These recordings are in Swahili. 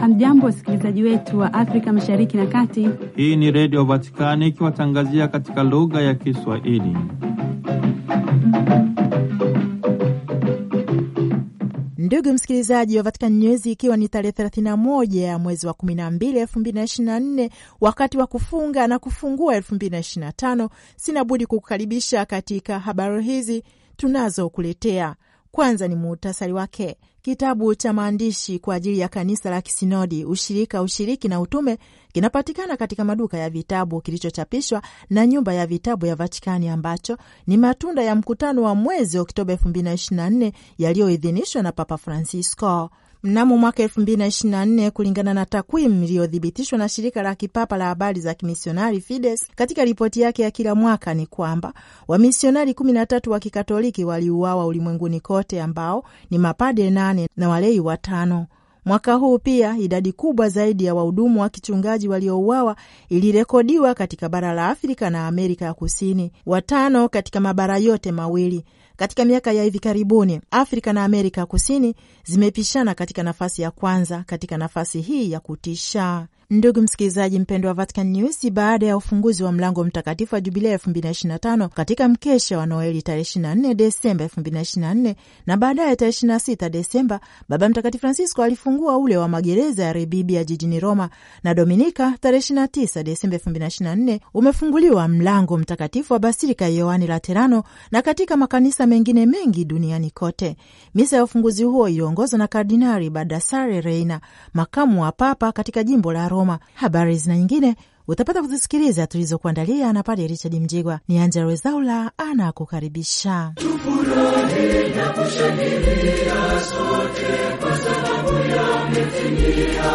Hamjambo, wasikilizaji wetu wa Afrika mashariki na kati. Hii ni Redio Vatikani ikiwatangazia katika lugha ya Kiswahili. Ndugu msikilizaji wa Vatican News, ikiwa ni tarehe 31 ya mwezi wa 12 2024, wakati wa kufunga na kufungua 2025, sina budi kukukaribisha katika habari hizi tunazokuletea kwanza ni muhtasari wake. Kitabu cha maandishi kwa ajili ya kanisa la kisinodi Ushirika, Ushiriki na Utume kinapatikana katika maduka ya vitabu kilichochapishwa na Nyumba ya Vitabu ya Vatikani, ambacho ni matunda ya mkutano wa mwezi Oktoba 2024 yaliyoidhinishwa na Papa Francisco mnamo mwaka 2024 kulingana na takwimu iliyothibitishwa na shirika la kipapa la habari za kimisionari Fides katika ripoti yake ya kila mwaka ni kwamba wamisionari 13 wa kikatoliki waliuawa ulimwenguni kote, ambao ni mapade nane na walei watano. Mwaka huu pia idadi kubwa zaidi ya wahudumu wa kichungaji waliouawa ilirekodiwa katika bara la Afrika na Amerika ya Kusini, watano katika mabara yote mawili, katika miaka ya hivi karibuni, Afrika na Amerika Kusini zimepishana katika nafasi ya kwanza katika nafasi hii ya kutisha. Ndugu msikilizaji mpendo wa Vatican News, baada ya ufunguzi wa mlango mtakatifu wa jubilia 2025 katika mkesha wa Noeli tarehe 24 Desemba 2024 na baadaye tarehe 26 Desemba, Baba Mtakatifu Francisco alifungua ule wa magereza ya rebibia jijini Roma, na Dominika tarehe 29 Desemba 2024 umefunguliwa mlango mtakatifu wa basilika ya Yohani Laterano na katika makanisa mengine mengi duniani kote. Misa ya ufunguzi huo iliongozwa na Kardinari Baldassare Reina, makamu wa papa katika jimbo la Roma Roma. Habari zina nyingine utapata kuzisikiliza tulizokuandalia na Padre Richard Mjigwa. Ni Angella Rwezaula anakukaribisha. Tufurahi na kushangilia sote kwa sababu yametimia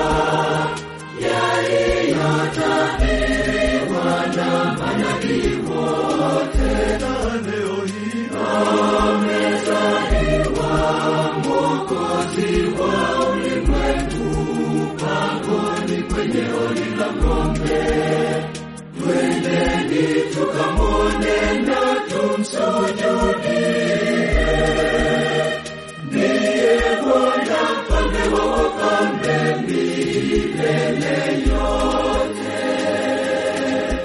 yaliyotabiriwa na manabii wote, leo hii amezaliwa Mwokozi. kila ng'ombe, twendeni tukamwone na tumsujudie. Ndiye Bwana mpande wa wokovu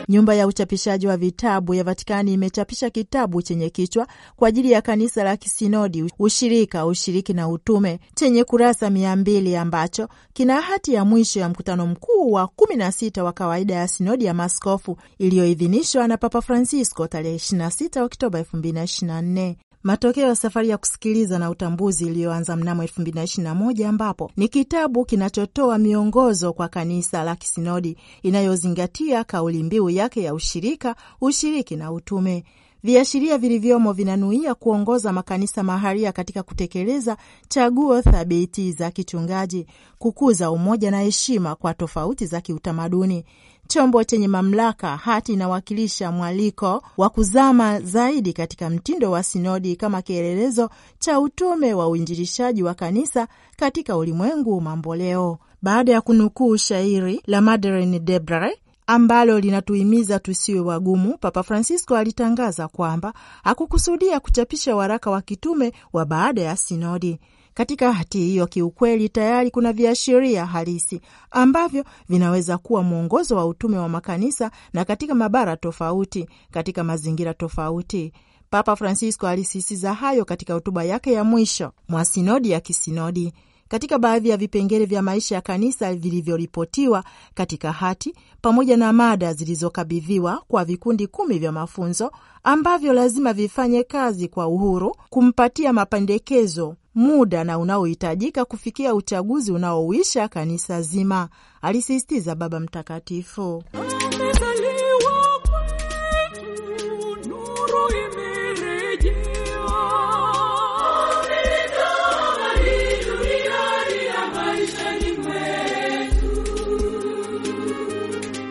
Nyumba ya uchapishaji wa vitabu ya Vatikani imechapisha kitabu chenye kichwa kwa ajili ya kanisa la kisinodi, ushirika, ushiriki na utume, chenye kurasa mia mbili ambacho kina hati ya mwisho ya mkutano mkuu wa kumi na sita wa kawaida ya sinodi ya maskofu iliyoidhinishwa na Papa Francisco tarehe 26 Oktoba 2024 matokeo ya safari ya kusikiliza na utambuzi iliyoanza mnamo 2021 ambapo ni kitabu kinachotoa miongozo kwa kanisa la kisinodi inayozingatia kauli mbiu yake ya ushirika, ushiriki na utume. Viashiria vilivyomo vinanuia kuongoza makanisa maharia katika kutekeleza chaguo thabiti za kichungaji, kukuza umoja na heshima kwa tofauti za kiutamaduni, chombo chenye mamlaka, hati inawakilisha mwaliko wa kuzama zaidi katika mtindo wa sinodi kama kielelezo cha utume wa uinjilishaji wa kanisa katika ulimwengu mamboleo. Baada ya kunukuu shairi la Madeleine Debre ambalo linatuhimiza tusiwe wagumu, Papa Francisco alitangaza kwamba hakukusudia kuchapisha waraka wa kitume wa baada ya sinodi. Katika hati hiyo, kiukweli, tayari kuna viashiria halisi ambavyo vinaweza kuwa mwongozo wa utume wa makanisa na katika mabara tofauti, katika mazingira tofauti. Papa Francisco alisisitiza hayo katika hotuba yake ya mwisho mwa sinodi ya kisinodi. Katika baadhi ya vipengele vya maisha ya kanisa vilivyoripotiwa katika hati pamoja na mada zilizokabidhiwa kwa vikundi kumi vya mafunzo ambavyo lazima vifanye kazi kwa uhuru kumpatia mapendekezo muda na unaohitajika kufikia uchaguzi unaowisha kanisa zima, alisisitiza Baba Mtakatifu.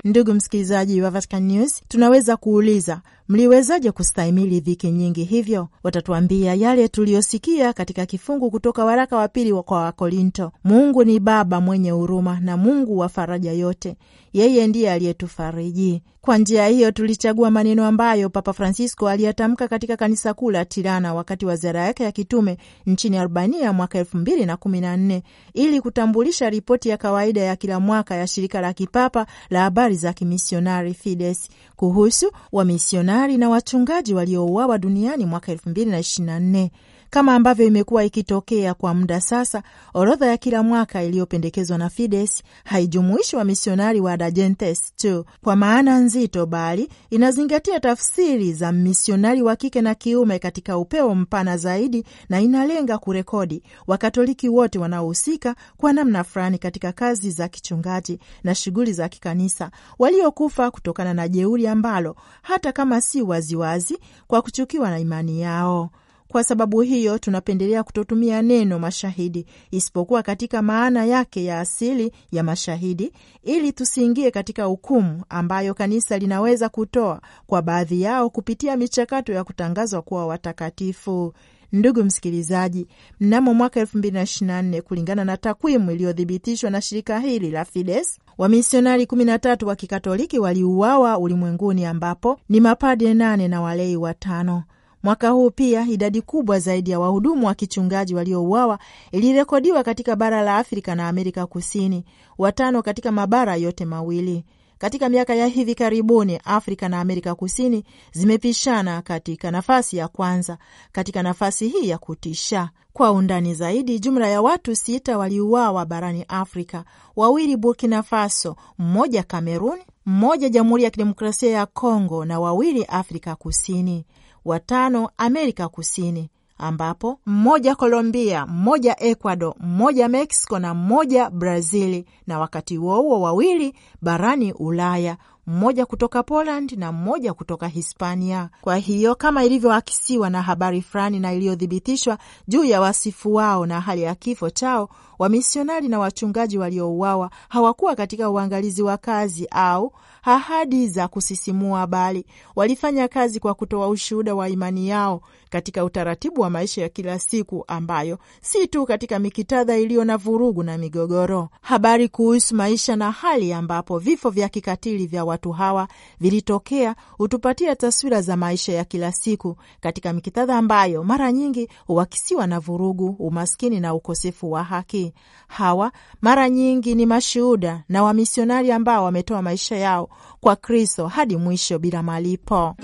Ndugu msikilizaji wa Vatican News, tunaweza kuuliza mliwezaje kustahimili dhiki nyingi hivyo? Watatuambia yale tuliyosikia katika kifungu kutoka waraka wa pili kwa Wakorinto: Mungu ni Baba mwenye huruma na Mungu wa faraja yote, yeye ndiye aliyetufariji. Kwa njia hiyo tulichagua maneno ambayo Papa Francisco aliyatamka katika kanisa kuu la Tirana wakati wa ziara yake ya kitume nchini Albania mwaka elfu mbili na kumi na nne ili kutambulisha ripoti ya kawaida ya kila mwaka ya shirika la kipapa la habari za kimisionari Fides kuhusu wamisionari wanahabari na wachungaji waliouawa duniani mwaka elfu mbili na kama ambavyo imekuwa ikitokea kwa muda sasa, orodha ya kila mwaka iliyopendekezwa na Fides haijumuishi wamisionari wa Adagentes tu kwa maana nzito, bali inazingatia tafsiri za misionari wa kike na kiume katika upeo mpana zaidi, na inalenga kurekodi Wakatoliki wote wanaohusika kwa namna fulani katika kazi za kichungaji na shughuli za kikanisa, waliokufa kutokana na jeuri ambalo hata kama si waziwazi, kwa kuchukiwa na imani yao kwa sababu hiyo tunapendelea kutotumia neno mashahidi isipokuwa katika maana yake ya asili ya mashahidi, ili tusiingie katika hukumu ambayo kanisa linaweza kutoa kwa baadhi yao kupitia michakato ya kutangazwa kuwa watakatifu. Ndugu msikilizaji, mnamo mwaka 2024 kulingana na takwimu iliyothibitishwa na shirika hili la Fides, wamisionari 13 wa Kikatoliki waliuawa ulimwenguni, ambapo ni mapade nane na walei watano. Mwaka huu pia idadi kubwa zaidi ya wahudumu wa kichungaji waliouawa ilirekodiwa katika bara la Afrika na Amerika Kusini, watano katika mabara yote mawili. Katika miaka ya hivi karibuni Afrika na Amerika Kusini zimepishana katika nafasi ya kwanza katika nafasi hii ya kutisha. Kwa undani zaidi, jumla ya watu sita waliuawa barani Afrika: wawili Burkina Faso, mmoja Kamerun, mmoja Jamhuri ya Kidemokrasia ya Kongo na wawili Afrika Kusini watano Amerika Kusini, ambapo mmoja Colombia, mmoja Ecuador, mmoja Mexico na mmoja Brazili, na wakati huo huo wawili barani Ulaya mmoja kutoka Poland na mmoja kutoka Hispania. Kwa hiyo kama ilivyoakisiwa na habari fulani na iliyothibitishwa juu ya wasifu wao na hali ya kifo chao, wamisionari na wachungaji waliouawa hawakuwa katika uangalizi wa kazi au ahadi za kusisimua, bali walifanya kazi kwa kutoa ushuhuda wa imani yao katika utaratibu wa maisha ya kila siku, ambayo si tu katika mikitadha iliyo na vurugu na migogoro. Habari kuhusu maisha na hali ambapo vifo vya kikatili vya watu hawa vilitokea hutupatia taswira za maisha ya kila siku katika mikitadha ambayo mara nyingi huakisiwa na vurugu, umaskini na ukosefu wa haki. Hawa mara nyingi ni mashuhuda na wamisionari ambao wametoa maisha yao kwa Kristo hadi mwisho bila malipo.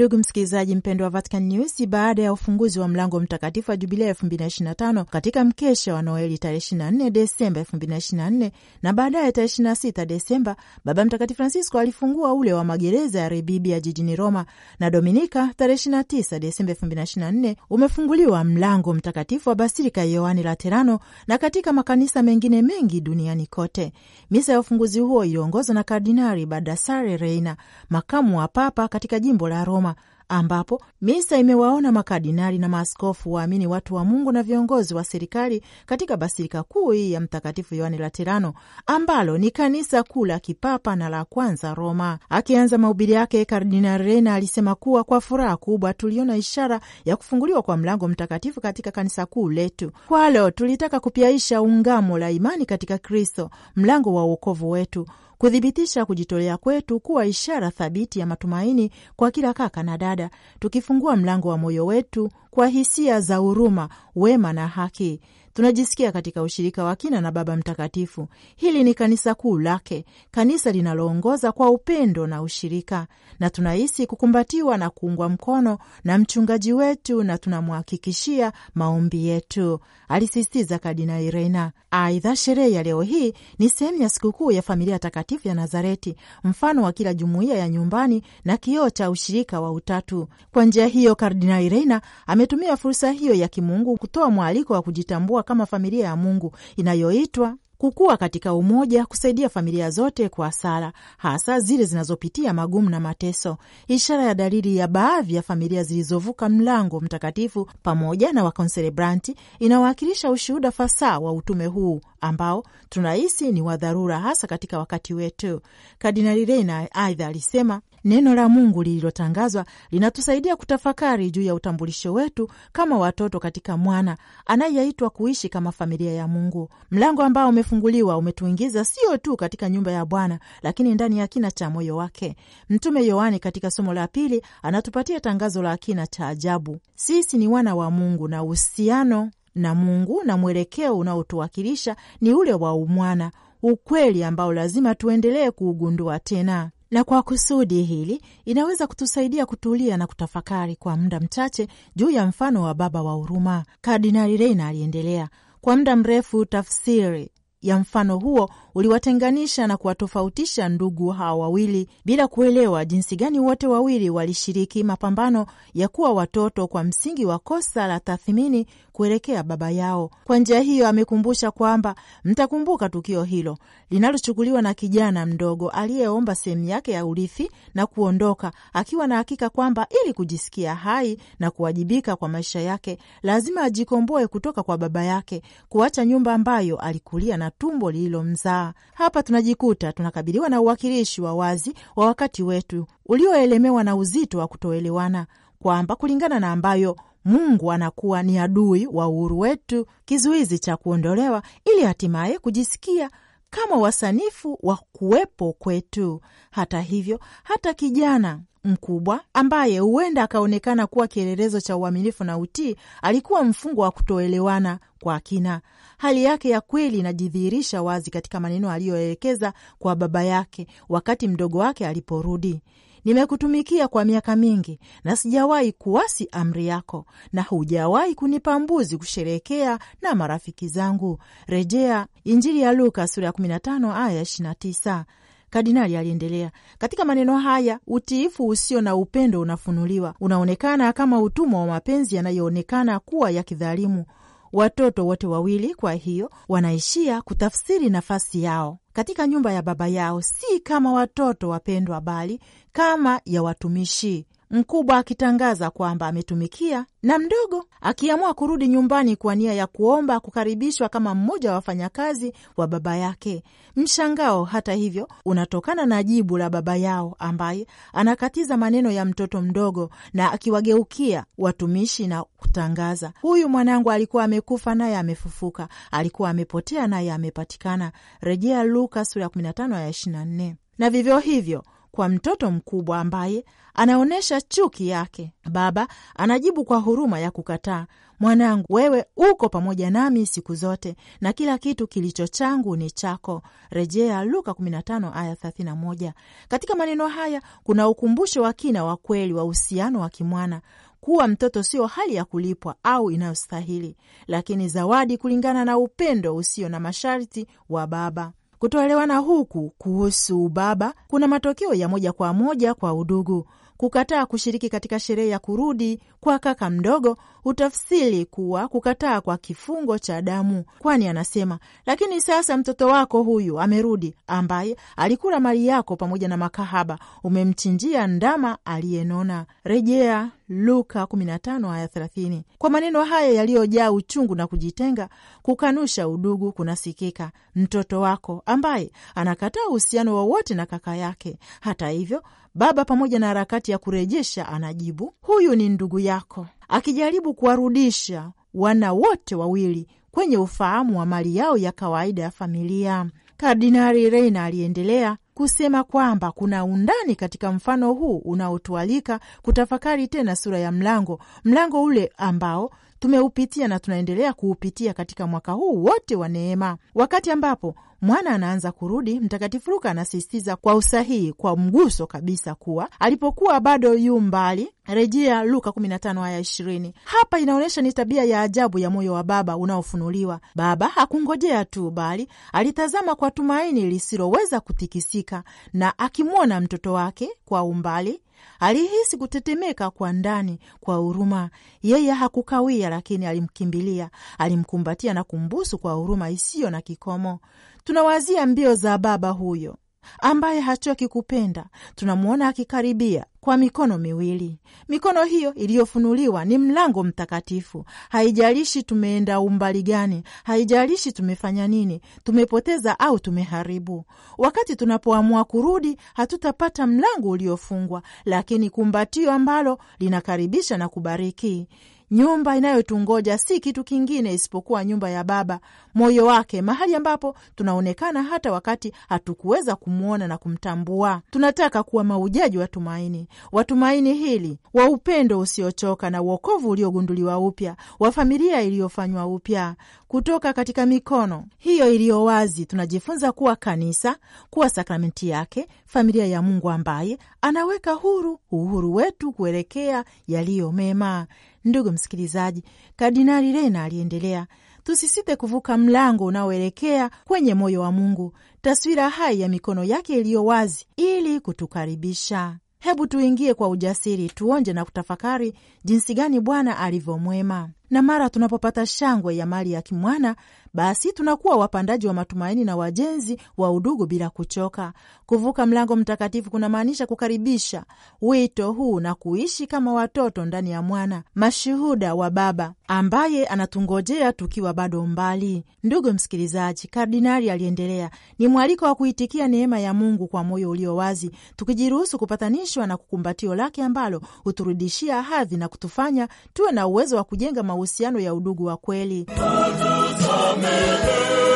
Ndugu msikilizaji mpendwa wa Vatican News, baada ya ufunguzi wa mlango mtakatifu wa Jubilia 2025 katika mkesha wa Noeli tarehe 24 Desemba 2024 na baadaye tarehe 26 Desemba, Baba Mtakatifu Francisco alifungua ule wa magereza ya rebibia jijini Roma, na Dominika tarehe 29 Desemba 2024 umefunguliwa mlango mtakatifu wa Basilika ya Yohani Laterano na katika makanisa mengine mengi duniani kote. Misa ya ufunguzi huo iliongozwa na Kardinari Baldassare Reina, makamu wa papa katika jimbo la Roma ambapo misa imewaona makardinali na maaskofu waamini, watu wa Mungu na viongozi wa serikali katika basilika kuu hii ya Mtakatifu Yohane Laterano, ambalo ni kanisa kuu la kipapa na la kwanza Roma. Akianza mahubiri yake, Kardinal Rena alisema kuwa kwa furaha kubwa tuliona ishara ya kufunguliwa kwa mlango mtakatifu katika kanisa kuu letu. Kwalo tulitaka kupyaisha ungamo la imani katika Kristo, mlango wa uokovu wetu kuthibitisha kujitolea kwetu kuwa ishara thabiti ya matumaini kwa kila kaka na dada, tukifungua mlango wa moyo wetu kwa hisia za huruma, wema na haki tunajisikia katika ushirika wa kina na Baba Mtakatifu. Hili ni kanisa kuu lake, kanisa linaloongoza kwa upendo na ushirika, na tunahisi kukumbatiwa na kuungwa mkono na mchungaji wetu, na tunamhakikishia maombi yetu, alisisitiza Kardinali Reina. Aidha, sherehe ya leo hii ni sehemu ya sikukuu ya familia takatifu ya Nazareti, mfano wa kila jumuiya ya nyumbani na kioo cha ushirika wa Utatu. Kwa njia hiyo, Kardinali Reina ametumia fursa hiyo ya kimungu kutoa mwaliko wa kujitambua kama familia ya Mungu inayoitwa kukua katika umoja, kusaidia familia zote kwa sala, hasa zile zinazopitia magumu na mateso, ishara ya dalili ya baadhi ya familia zilizovuka mlango mtakatifu pamoja na wakonselebranti. Inawakilisha ushuhuda fasaha wa utume huu ambao tunahisi ni wa dharura, hasa katika wakati wetu. Kardinali Reina aidha alisema Neno la Mungu lililotangazwa linatusaidia kutafakari juu ya utambulisho wetu kama watoto katika mwana anayeitwa kuishi kama familia ya Mungu. Mlango ambao umefunguliwa umetuingiza sio tu katika nyumba ya Bwana, lakini ndani ya kina cha moyo wake. Mtume Yohani katika somo la pili anatupatia tangazo la kina cha ajabu: sisi ni wana wa Mungu na uhusiano na Mungu na mwelekeo unaotuwakilisha ni ule wa umwana, ukweli ambao lazima tuendelee kuugundua tena na kwa kusudi hili inaweza kutusaidia kutulia na kutafakari kwa muda mchache juu ya mfano wa baba wa huruma. Kardinali Reina aliendelea, kwa muda mrefu tafsiri ya mfano huo uliwatenganisha na kuwatofautisha ndugu hawa wawili bila kuelewa jinsi gani wote wawili walishiriki mapambano ya kuwa watoto kwa msingi wa kosa la tathmini kuelekea baba yao. Kwa njia hiyo, amekumbusha kwamba mtakumbuka tukio hilo linalochukuliwa na kijana mdogo aliyeomba sehemu yake ya urithi na kuondoka akiwa na hakika kwamba ili kujisikia hai na kuwajibika kwa maisha yake lazima ajikomboe kutoka kwa baba yake, kuacha nyumba ambayo alikulia na tumbo lililomzaa hapa tunajikuta tunakabiliwa na uwakilishi wa wazi wa wakati wetu ulioelemewa na uzito wa kutoelewana, kwamba kulingana na ambayo Mungu anakuwa ni adui wa uhuru wetu, kizuizi cha kuondolewa, ili hatimaye kujisikia kama wasanifu wa kuwepo kwetu. Hata hivyo, hata kijana mkubwa ambaye huenda akaonekana kuwa kielelezo cha uaminifu na utii, alikuwa mfungwa wa kutoelewana kwa kina. Hali yake ya kweli inajidhihirisha wazi katika maneno aliyoelekeza kwa baba yake wakati mdogo wake aliporudi: nimekutumikia kwa miaka mingi na sijawahi kuasi amri yako, na hujawahi kunipa mbuzi kusherehekea na marafiki zangu. Rejea Injili ya Luka sura ya 15 aya 29. Kardinali aliendelea. Katika maneno haya, utiifu usio na upendo unafunuliwa, unaonekana kama utumwa wa mapenzi yanayoonekana kuwa ya kidhalimu. Watoto wote wawili, kwa hiyo, wanaishia kutafsiri nafasi yao katika nyumba ya Baba yao si kama watoto wapendwa, bali kama ya watumishi mkubwa akitangaza kwamba ametumikia na mdogo akiamua kurudi nyumbani kwa nia ya kuomba kukaribishwa kama mmoja wa wafanyakazi wa baba yake. Mshangao hata hivyo unatokana na jibu la baba yao ambaye anakatiza maneno ya mtoto mdogo na akiwageukia watumishi na kutangaza, huyu mwanangu alikuwa amekufa naye amefufuka, alikuwa amepotea naye amepatikana, rejea Luka sura ya 15 ya 24. Na vivyo hivyo kwa mtoto mkubwa ambaye anaonyesha chuki yake. Baba anajibu kwa huruma ya kukataa, mwanangu, wewe uko pamoja nami siku zote na kila kitu kilicho changu ni chako. Rejea Luka 15 aya 31. Katika maneno haya kuna ukumbusho wa kina wa kweli wa uhusiano wa kimwana kuwa mtoto sio hali ya kulipwa au inayostahili, lakini zawadi kulingana na upendo usio na masharti wa Baba. Kutoelewana huku kuhusu ubaba kuna matokeo ya moja kwa moja kwa udugu. Kukataa kushiriki katika sherehe ya kurudi kwa kaka mdogo hutafsiri kuwa kukataa kwa kifungo cha damu, kwani anasema, lakini sasa mtoto wako huyu amerudi, ambaye alikula mali yako pamoja na makahaba, umemchinjia ndama aliyenona. Rejea Luka 15 aya 30. Kwa maneno haya yaliyojaa uchungu na kujitenga, kukanusha udugu kunasikika. Mtoto wako ambaye anakataa uhusiano wowote na kaka yake, hata hivyo, baba pamoja na harakati ya kurejesha, anajibu huyu ni ndugu yako, akijaribu kuwarudisha wana wote wawili kwenye ufahamu wa mali yao ya kawaida ya familia. Kardinari Reina aliendelea kusema kwamba kuna undani katika mfano huu unaotualika kutafakari tena sura ya mlango, mlango ule ambao tumeupitia na tunaendelea kuupitia katika mwaka huu wote wa neema, wakati ambapo mwana anaanza kurudi. Mtakatifu Luka anasisitiza kwa usahihi, kwa mguso kabisa, kuwa alipokuwa bado yu mbali, rejea Luka 15 aya 20. Hapa inaonyesha ni tabia ya ajabu ya moyo wa Baba unaofunuliwa. Baba hakungojea tu, bali alitazama kwa tumaini lisiloweza kutikisika, na akimwona mtoto wake kwa umbali Alihisi kutetemeka kwa ndani kwa huruma. Yeye hakukawia, lakini alimkimbilia, alimkumbatia na kumbusu kwa huruma isiyo na kikomo. Tunawazia mbio za baba huyo ambaye hachoki kupenda, tunamwona akikaribia kwa mikono miwili. Mikono hiyo iliyofunuliwa ni mlango mtakatifu. Haijalishi tumeenda umbali gani, haijalishi tumefanya nini, tumepoteza au tumeharibu. Wakati tunapoamua kurudi, hatutapata mlango uliofungwa, lakini kumbatio ambalo linakaribisha na kubariki. Nyumba inayotungoja si kitu kingine isipokuwa nyumba ya Baba, moyo wake, mahali ambapo tunaonekana hata wakati hatukuweza kumwona na kumtambua. Tunataka kuwa maujaji wa tumaini, wa tumaini hili, wa upendo usiochoka na uokovu uliogunduliwa upya, wa familia iliyofanywa upya kutoka katika mikono hiyo iliyo wazi. Tunajifunza kuwa kanisa, kuwa sakramenti yake, familia ya Mungu ambaye anaweka huru uhuru wetu kuelekea yaliyo mema. Ndugu msikilizaji, Kardinali Rena aliendelea, tusisite kuvuka mlango unaoelekea kwenye moyo wa Mungu, taswira hai ya mikono yake iliyo wazi ili kutukaribisha. Hebu tuingie kwa ujasiri, tuonje na kutafakari jinsi gani Bwana alivyomwema. Na mara tunapopata shangwe ya mali ya kimwana, basi tunakuwa wapandaji wa matumaini na wajenzi wa udugu bila kuchoka. Kuvuka mlango mtakatifu kunamaanisha kukaribisha wito huu na kuishi kama watoto ndani ya mwana, mashuhuda wa Baba ambaye anatungojea tukiwa bado mbali. Ndugu msikilizaji, kardinali aliendelea, ni mwaliko wa kuitikia neema ya Mungu kwa moyo ulio wazi, tukijiruhusu kupatanishwa na kukumbatio lake ambalo huturudishia hadhi na kutufanya tuwe na uwezo wa kujenga mahusiano ya udugu wa kweli. Tutusamele.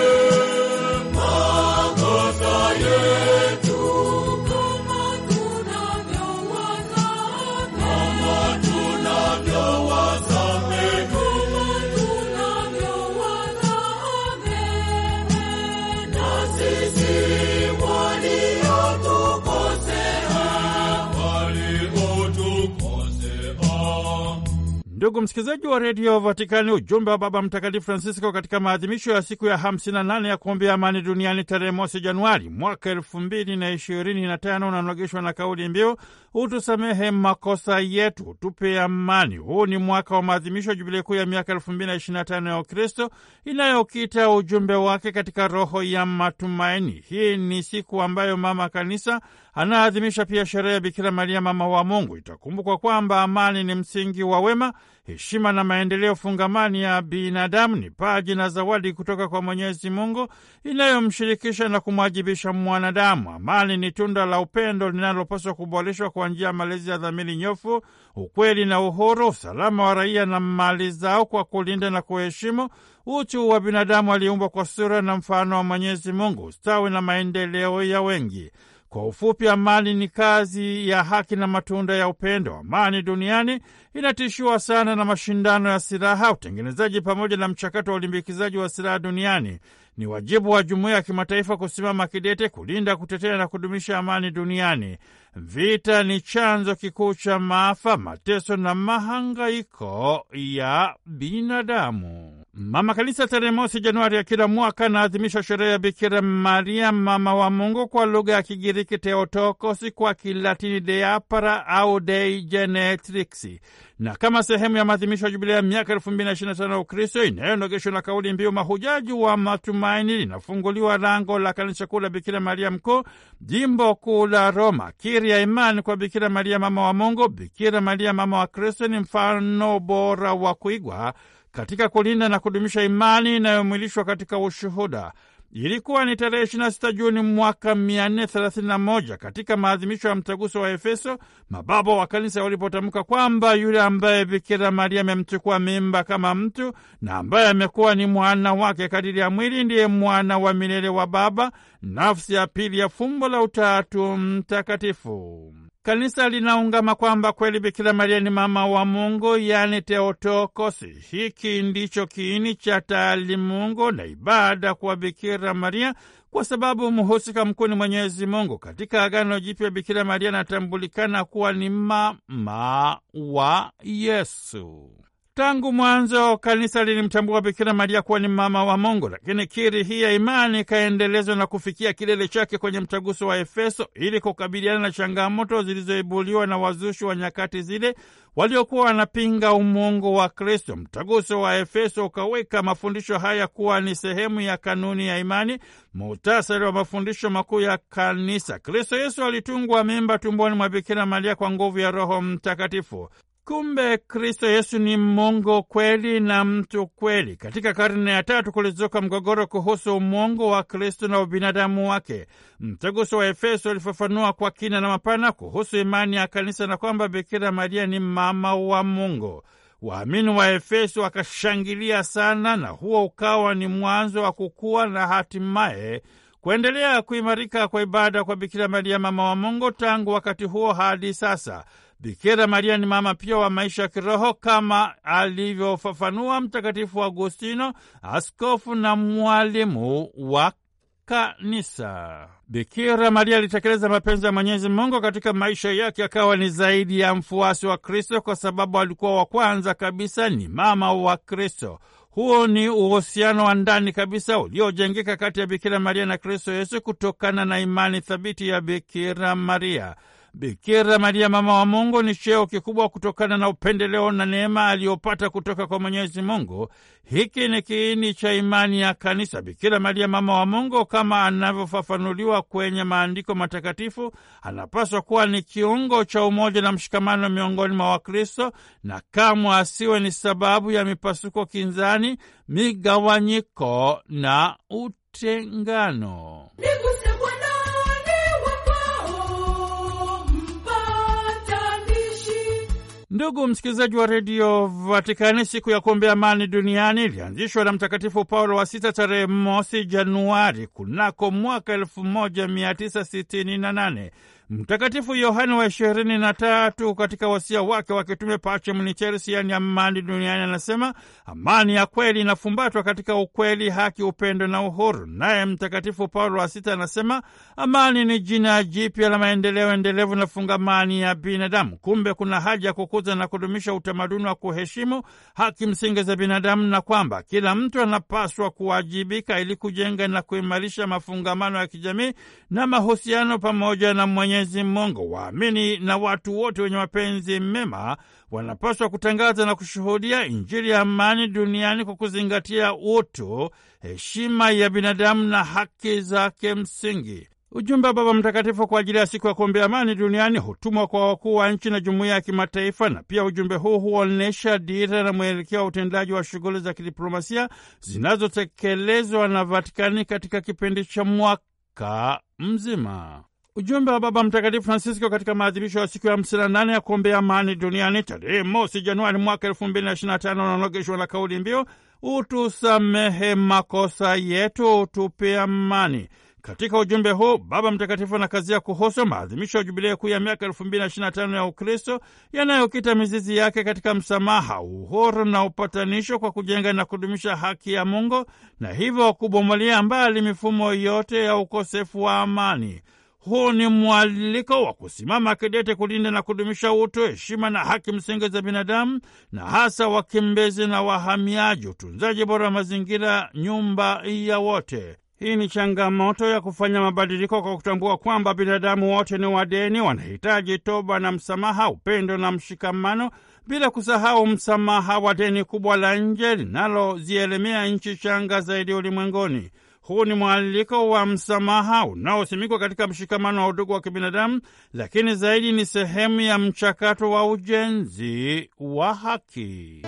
Ndugu msikilizaji wa redio Vatikani, ujumbe wa Baba Mtakatifu Francisco katika maadhimisho ya siku ya 58 ya kuombea amani duniani tarehe mosi Januari mwaka elfu mbili na ishirini na tano unanogeshwa na kauli mbiu utusamehe makosa yetu, tupe amani. Huu ni mwaka wa maadhimisho ya jubilei kuu ya miaka elfu mbili na ishirini na tano ya Ukristo inayokita ujumbe wake katika roho ya matumaini. Hii ni siku ambayo Mama Kanisa anaadhimisha pia sherehe ya Bikira Maria mama wa Mungu. Itakumbukwa kwamba amani ni msingi wa wema heshima na maendeleo fungamani ya binadamu ni paji na zawadi kutoka kwa Mwenyezi Mungu inayomshirikisha na kumwajibisha mwanadamu. Amani ni tunda la upendo linalopaswa kuboreshwa kwa njia ya malezi ya dhamiri nyofu, ukweli na uhuru, usalama wa raia na mali zao, kwa kulinda na kuheshimu utu wa binadamu aliumbwa kwa sura na mfano wa Mwenyezi Mungu, ustawi na maendeleo ya wengi. Kwa ufupi, amani ni kazi ya haki na matunda ya upendo. Amani duniani inatishiwa sana na mashindano ya silaha, utengenezaji pamoja na mchakato wa ulimbikizaji wa silaha duniani. Ni wajibu wa jumuiya ya kimataifa kusimama kidete kulinda, kutetea na kudumisha amani duniani. Vita ni chanzo kikuu cha maafa, mateso na mahangaiko ya binadamu. Mama Kanisa tarehe mosi Januari ya kila mwaka anaadhimisha sherehe ya Bikira Maria, mama wa Mungu, kwa lugha ya Kigiriki teotokosi kwa Kilatini Deapara au Dei Genetrix. Na kama sehemu ya maadhimisho ya jubilia ya miaka elfu mbili na ishirini na tano ya Ukristo inayonogeshwa na kauli mbiu mahujaji wa matumaini, linafunguliwa lango la kanisa kuu la Bikira Maria Mkuu, jimbo kuu la Roma. Kiri ya imani kwa Bikira Maria mama wa Mungu, Bikira Maria mama wa Kristo ni mfano bora wa kuigwa katika kulinda na kudumisha imani inayomwilishwa katika ushuhuda. Ilikuwa ni tarehe 26 Juni mwaka 431 katika maadhimisho ya mtaguso wa Efeso, mababa wa kanisa walipotamka kwamba yule ambaye Bikira Maria amemchukua mimba kama mtu na ambaye amekuwa ni mwana wake kadiri ya mwili ndiye mwana wa milele wa Baba, nafsi ya pili ya fumbo la Utatu Mtakatifu. Kanisa linaungama kwamba kweli Bikira Maria ni mama wa Mungu, yaani teotokosi Hiki ndicho kiini cha taalimungu na ibada kwa Bikira Maria, kwa sababu mhusika mkuu ni Mwenyezi Mungu. Katika Agano Jipya, Bikira Maria anatambulikana kuwa ni mama wa Yesu. Tangu mwanzo kanisa lilimtambua Bikira Maria kuwa ni mama wa Mungu, lakini kiri hii ya imani ikaendelezwa na kufikia kilele chake kwenye mtaguso wa Efeso ili kukabiliana na changamoto zilizoibuliwa na wazushi wa nyakati zile waliokuwa wanapinga umungu wa Kristo. Mtaguso wa Efeso ukaweka mafundisho haya kuwa ni sehemu ya kanuni ya imani, muhtasari wa mafundisho makuu ya kanisa. Kristo Yesu alitungwa mimba tumboni mwa Bikira Maria kwa nguvu ya Roho Mtakatifu. Kumbe Kristo Yesu ni Mungu kweli na mtu kweli. Katika karne ya tatu kulizuka mgogoro kuhusu umungu wa Kristo na ubinadamu wake. Mtaguso wa Efeso alifafanua kwa kina na mapana kuhusu imani ya kanisa na kwamba Bikira Maria ni mama wa Mungu. Waamini wa Efeso wakashangilia sana, na huo ukawa ni mwanzo wa kukua na hatimaye kuendelea kuimarika kwa ibada kwa Bikira Maria mama wa Mungu tangu wakati huo hadi sasa. Bikira Maria ni mama pia wa maisha ya kiroho kama alivyofafanua Mtakatifu agostino askofu na mwalimu wa kanisa. Bikira Maria alitekeleza mapenzi ya Mwenyezi Mungu katika maisha yake, akawa ni zaidi ya mfuasi wa Kristo kwa sababu alikuwa wa kwanza kabisa ni mama wa Kristo. Huo ni uhusiano wa ndani kabisa uliojengeka kati ya Bikira Maria na Kristo Yesu kutokana na imani thabiti ya Bikira Maria. Bikira Maria mama wa Mungu ni cheo kikubwa kutokana na upendeleo na neema aliyopata kutoka kwa Mwenyezi Mungu. Hiki ni kiini cha imani ya Kanisa. Bikira Maria mama wa Mungu, kama anavyofafanuliwa kwenye maandiko matakatifu, anapaswa kuwa ni kiungo cha umoja na mshikamano miongoni mwa Wakristo na kamwe asiwe ni sababu ya mipasuko, kinzani, migawanyiko na utengano. Ndugu msikilizaji wa redio Vatikani, siku ya kuombea amani duniani ilianzishwa na Mtakatifu Paulo wa Sita tarehe mosi Januari kunako mwaka elfu moja mia tisa sitini na nane. Mtakatifu Yohane wa ishirini na tatu katika wasia wake wa kitume Pacem in Terris, yaani amani duniani, anasema amani ya kweli inafumbatwa katika ukweli, haki, upendo na uhuru. Naye Mtakatifu Paulo wa Sita anasema amani ni jina jipya la maendeleo endelevu na fungamani ya binadamu. Kumbe kuna haja ya kukuza na kudumisha utamaduni wa kuheshimu haki msingi za binadamu na kwamba kila mtu anapaswa kuwajibika ili kujenga na kuimarisha mafungamano ya kijamii na mahusiano pamoja na mwenye Mwenyezi Mungu. Waamini na watu wote wenye mapenzi mema wanapaswa kutangaza na kushuhudia Injili ya amani duniani kwa kuzingatia utu, heshima ya binadamu na haki zake msingi. Ujumbe wa Baba Mtakatifu kwa ajili ya siku ya kuombea amani duniani hutumwa kwa wakuu wa nchi na jumuiya ya kimataifa, na pia ujumbe huu huonyesha dira na mwelekeo wa utendaji wa shughuli za kidiplomasia zinazotekelezwa na Vatikani katika kipindi cha mwaka mzima. Ujumbe wa Baba Mtakatifu Francisco katika maadhimisho ya siku ya 58 ya kuombea amani duniani tarehe mosi Januari mwaka 2025 unaonogeshwa na kauli mbiu utusamehe makosa yetu, utupe amani. Katika ujumbe huu Baba Mtakatifu anakazia kuhusu maadhimisho ya jubilei kuu ya miaka elfu mbili na na tano ya Ukristo yanayokita mizizi yake katika msamaha, uhuru na upatanisho kwa kujenga na kudumisha haki ya Mungu na hivyo kubomolia mbali mifumo yote ya ukosefu wa amani. Huu ni mwaliko wa kusimama kidete kulinda na kudumisha utu, heshima na haki msingi za binadamu, na hasa wakimbizi na wahamiaji, utunzaji bora wa mazingira, nyumba ya wote. Hii ni changamoto ya kufanya mabadiliko kwa kutambua kwamba binadamu wote ni wadeni, wanahitaji toba na msamaha, upendo na mshikamano, bila kusahau msamaha wa deni kubwa la nje linalozielemea nchi changa zaidi ulimwenguni. Huu ni mwaliko wa msamaha unaosimikwa katika mshikamano wa udugu wa kibinadamu, lakini zaidi ni sehemu ya mchakato wa ujenzi wa haki.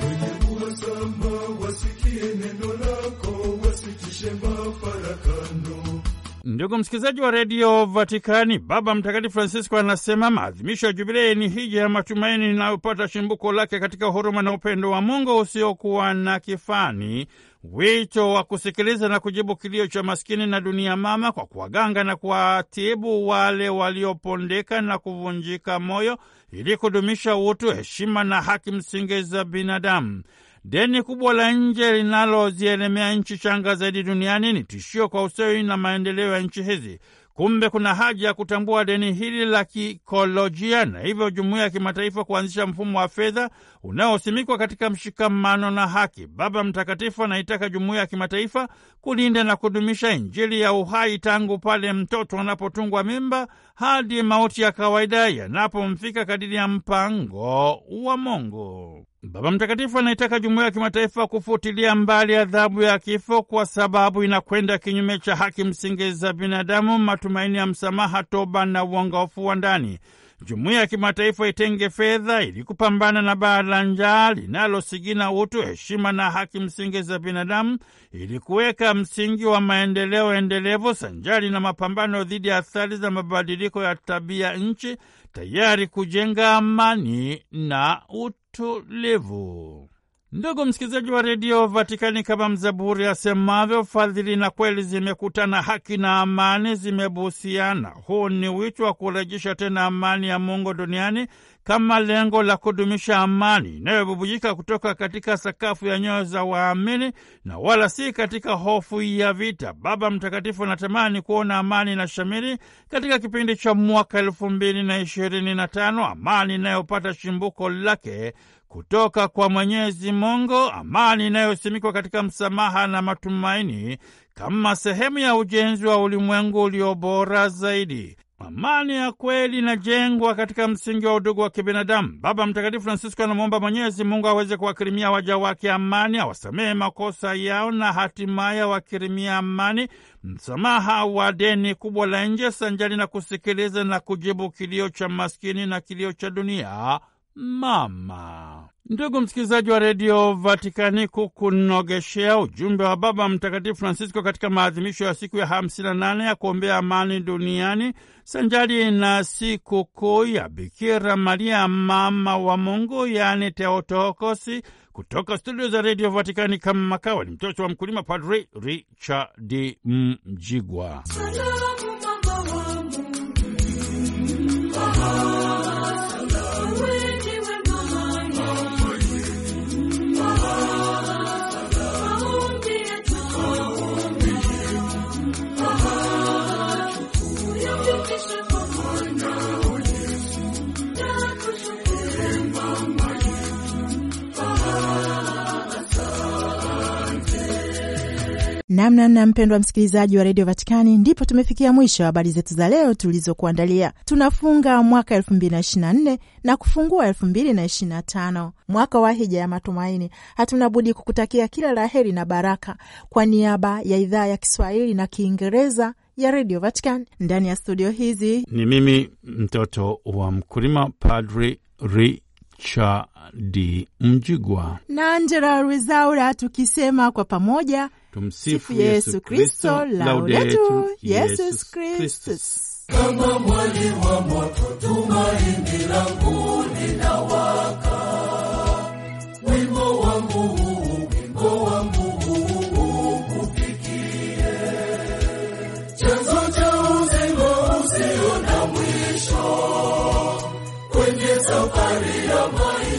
Ndugu msikilizaji wa redio Vatikani, Baba Mtakatifu Francisco anasema maadhimisho ya Jubilei ni hija ya matumaini inayopata shimbuko lake katika huruma na upendo wa Mungu usiokuwa na kifani wito wa kusikiliza na kujibu kilio cha maskini na dunia mama kwa kuwaganga na kuwatibu wale waliopondeka na kuvunjika moyo ili kudumisha utu, heshima na haki msingi za binadamu. Deni kubwa la nje linalozielemea nchi changa zaidi duniani ni tishio kwa ustawi na maendeleo ya nchi hizi. Kumbe kuna haja ya kutambua deni hili la kiikolojia na hivyo jumuiya ya kimataifa kuanzisha mfumo wa fedha unaosimikwa katika mshikamano na haki. Baba Mtakatifu anaitaka jumuiya ya kimataifa kulinda na kudumisha Injili ya uhai tangu pale mtoto anapotungwa mimba hadi mauti ya kawaida yanapomfika kadiri ya mpango wa Mungu. Baba Mtakatifu anaitaka jumuiya ya kimataifa kufutilia mbali adhabu ya kifo kwa sababu inakwenda kinyume cha haki msingi za binadamu, matumaini ya msamaha, toba na uongofu wa ndani jumuiya ya kimataifa itenge fedha ili kupambana na baa la njaa linalosigina utu, heshima na haki msingi za binadamu, ili kuweka msingi wa maendeleo endelevu sanjari na mapambano dhidi ya athari za mabadiliko ya tabia nchi, tayari kujenga amani na utulivu. Ndugu msikilizaji wa redio Vatikani, kama mzaburi asemavyo, fadhili na kweli zimekutana, haki na amani zimebusiana. Huu ni wito wa kurejesha tena amani ya Mungu duniani kama lengo la kudumisha amani inayobubujika kutoka katika sakafu ya nyoyo za waamini na wala si katika hofu ya vita. Baba Mtakatifu anatamani kuona amani na shamiri katika kipindi cha mwaka elfu mbili na ishirini na tano, amani inayopata chimbuko lake kutoka kwa Mwenyezi Mungu, amani inayosimikwa katika msamaha na matumaini kama sehemu ya ujenzi wa ulimwengu ulio bora zaidi. Amani ya kweli inajengwa katika msingi wa udugu wa kibinadamu. Baba Mtakatifu Francisco anamwomba Mwenyezi Mungu aweze kuwakirimia waja wake amani, awasamehe makosa yao na hatimaye wakirimia amani, msamaha wa deni kubwa la nje, sanjali na kusikiliza na kujibu kilio cha maskini na kilio cha dunia mama. Ndugu msikilizaji wa redio Vatikani, kukunogeshea ujumbe wa Baba Mtakatifu Francisco katika maadhimisho ya siku ya 58 ya kuombea amani duniani sanjari na sikukuu ya Bikira Maria mama wa Mungu, yaani Teotokosi. Kutoka studio za redio Vatikani, kama makawa ni mtoto wa mkulima, Padri Richard Mjigwa. Namnamna mpendwa msikilizaji wa redio Vatikani, ndipo tumefikia mwisho wa habari zetu za leo tulizokuandalia. Tunafunga mwaka 2024 na kufungua 2025, mwaka wa hija ya matumaini. Hatuna budi kukutakia kila la heri na baraka kwa niaba ya idhaa ya Kiswahili na Kiingereza ya redio Vatican. Ndani ya studio hizi ni mimi mtoto wa mkulima, Padri Richard Mjigwa na Angela Rwezaura, tukisema kwa pamoja Tumsifu Yesu Kristo, laudetur Yesus Kristus. Kama mwali wa moto, tumaini langu linawaka. Wimbo wangu huu, wimbo wangu huu ukufikie. Chanzo cha uzima usio na mwisho, kwenye safari ya maisha